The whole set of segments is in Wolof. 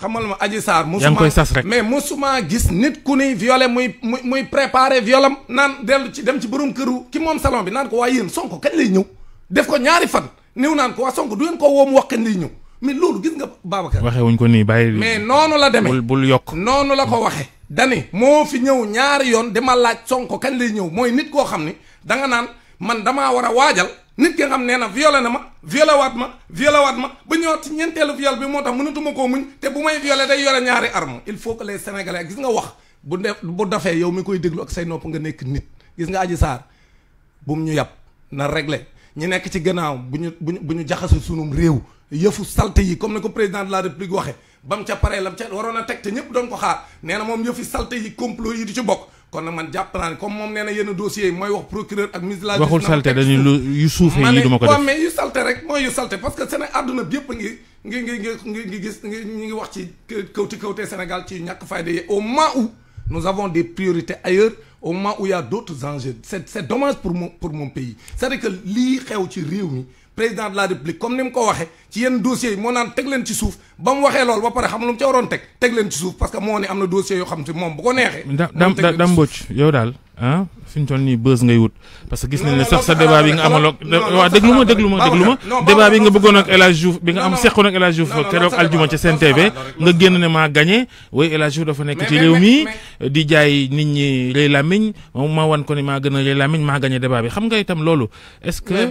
xamal ma Adji Sarr musuma yaa ngi koy sas rek mais musuma gis nit ku ni violé muy muy muy préparé naan dellu ci dem ci borom këru ki moom salon bi naan ko waa yéen Sonko kañ lay ñëw def ko ñaari fan niw naan ko waa Sonko du yéen ko woo mu wax kañ lay ñëw mais loolu gis nga Babacar waxee wuñ ko nii bàyyi mais noonu la demee bul yokk noonu la ko waxe dani moo fi ñëw ñaari yoon dama laaj Sonko kañ lay ñëw mooy nit koo xam ni danga naan man damaa war a waajal nit ki nga xam nee na violé na ma violé waat ma violé waat ma ba ñëwaat ci ñeenteelu viol bi moo tax mënatuma koo muñ te bu may violé day yore ñaari arme il faut que les sénégalais gis nga wax bu def bu dafee yow mi koy déglu ak say nopp nga nekk nit gis nga aji saar bum ñu yàpp na réglé ñu nekk ci gannaaw bu ñu bu ñu bu ñu jaxase sunum réew yëfu salte yi comme ni ko président de la république waxe ba mu ca paree lam ca waroon a teg te ñëpp doon ko xaar nee na moom yëfi salte yi complot yi ci bokk kon nag man japp na ni comme mom neena yene dossier moy wax procureur ak ministre de la waxul salte dañu yu suufee yi du ko def mais yu salte rek moy yu salte parce que Sénégal aduna bi yëpp ngi ngi ngi ngi ngi gis ngi ngi wax ci kawti kawtee Sénégal ci ñak fayda yi au moins où nous avons des priorités ailleurs au moment où il y a d'autres enjeux c'est dommage pour mon pour mon pays c'est-à-dire que li xew ci réew mi président de la république comme ni ko waxé ci yenn dossier mo moo naan teg ci souf bam waxé lol ba paré xam lu ci waron waroon teg teg ci souf parce que mo ni amna dossier yo xam ci mom bu ko nexé dam dam teg yow daal ah fi ñu toll nii ngay wut parce que gis nañ ne sax sa débat bi nga am amaloon wa déglu ma déglu ma déglu ma débat bi nga bëggoon ak El Diouf bi nga am seqoon ak El Hadj Diouf keroog aljuma ca Sen TV nga génn ne ma gagné way El Hadj Diouf dafa nekk ci réew mi di jaay nit ñi rëy lamine ma wan ko ni ma gën a lamine ma maa gagné débat bi xam nga itam loolu est-ce que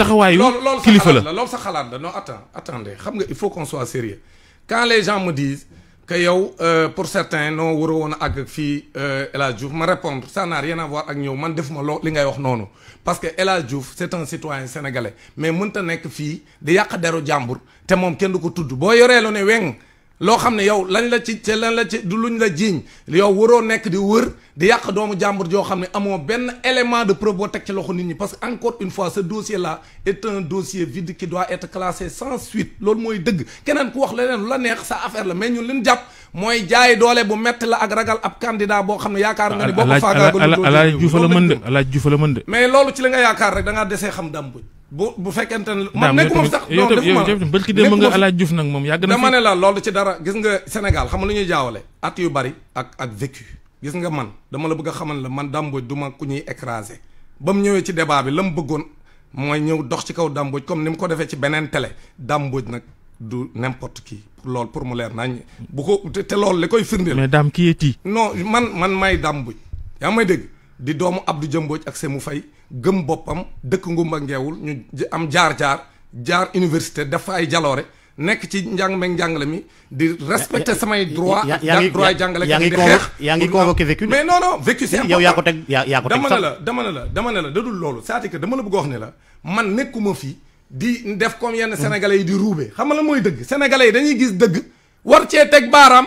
taxawaayu kilifa la loolu sa xalaat la non attends attendez xam nga il faut qu'on soit sérieux quand les gens me disent que yow euh, pour certains noo war woon a àgg fii euh, El Hadj Diouf ma répondre ça n'a rien à ak ñëw man defuma loo li ngay wax noonu parce que El Hadj Diouf c'est un citoyen sénégalais mais mënta nekk fii di yàq deru jàmbur te moom kenn du ko tudd boo yoree lu ne weng lo xam yow lañ la ci lañ la ci du luñ la jiiñ yow wuro nek di wër di yak doomu jambour jo xam ne ben élément de preuve boo teg ci loxo nit ñi parce que encore une fois ce dossier là est un dossier vide qui doit être classé sans suite lool moy deug keneen ku wax leneen la neex sa affaire la mais ñun liñ japp moy jaay doole bu metti la ak ragal ab candidat bo xam yaakar nga ni boo ko faagaagalu Alaaj Juuf la mën de Alaaj la mën mais loolu ci la nga yaakar rek da nga déssé xam dambu bu bu fekkente ne man nekkuma sax non defuma bërki dé ma nga alaaj Diouf nag moom yàgg na dama ne la loolu ci dara gis nga Sénégal xam nga lu jaawale at yu bari ak ak vécu gis nga man dama la bëgg a xamal la man dàmbooj du ma ku ñuy écrasé ba mu ñëwee ci débat bi la mu bëggoon mooy ñëw dox ci kaw dàmbooj comme ni mu ko defee ci beneen tele dàmbooj nag du n'importe qui pour loolu pour mu leer nañ bu ko te loolu li koy firndeel mais daam kii non man man may dàmbooj yaa may dégg di doomu Abdou Jëmbooj ak mu fay gëm boppam dëkk ngumba ngeewul ñu am jaar-jaar jaar université dafa ay jaloore nekk ci njàng meeg njàngale mi di respecter samay droit droit jàngale yaa ngi yaa ngi convoqué yaa ko teg yaa ko teg dama ne la dama ne la dama la dadul loolu c'est-à-dire que dama la bëgg wax ne la man nekkuma fii di def comme yenn sénégalais yi di ruube xam nga la mooy dëgg sénégalais yi dañuy gis dëgg war cee teg baaraam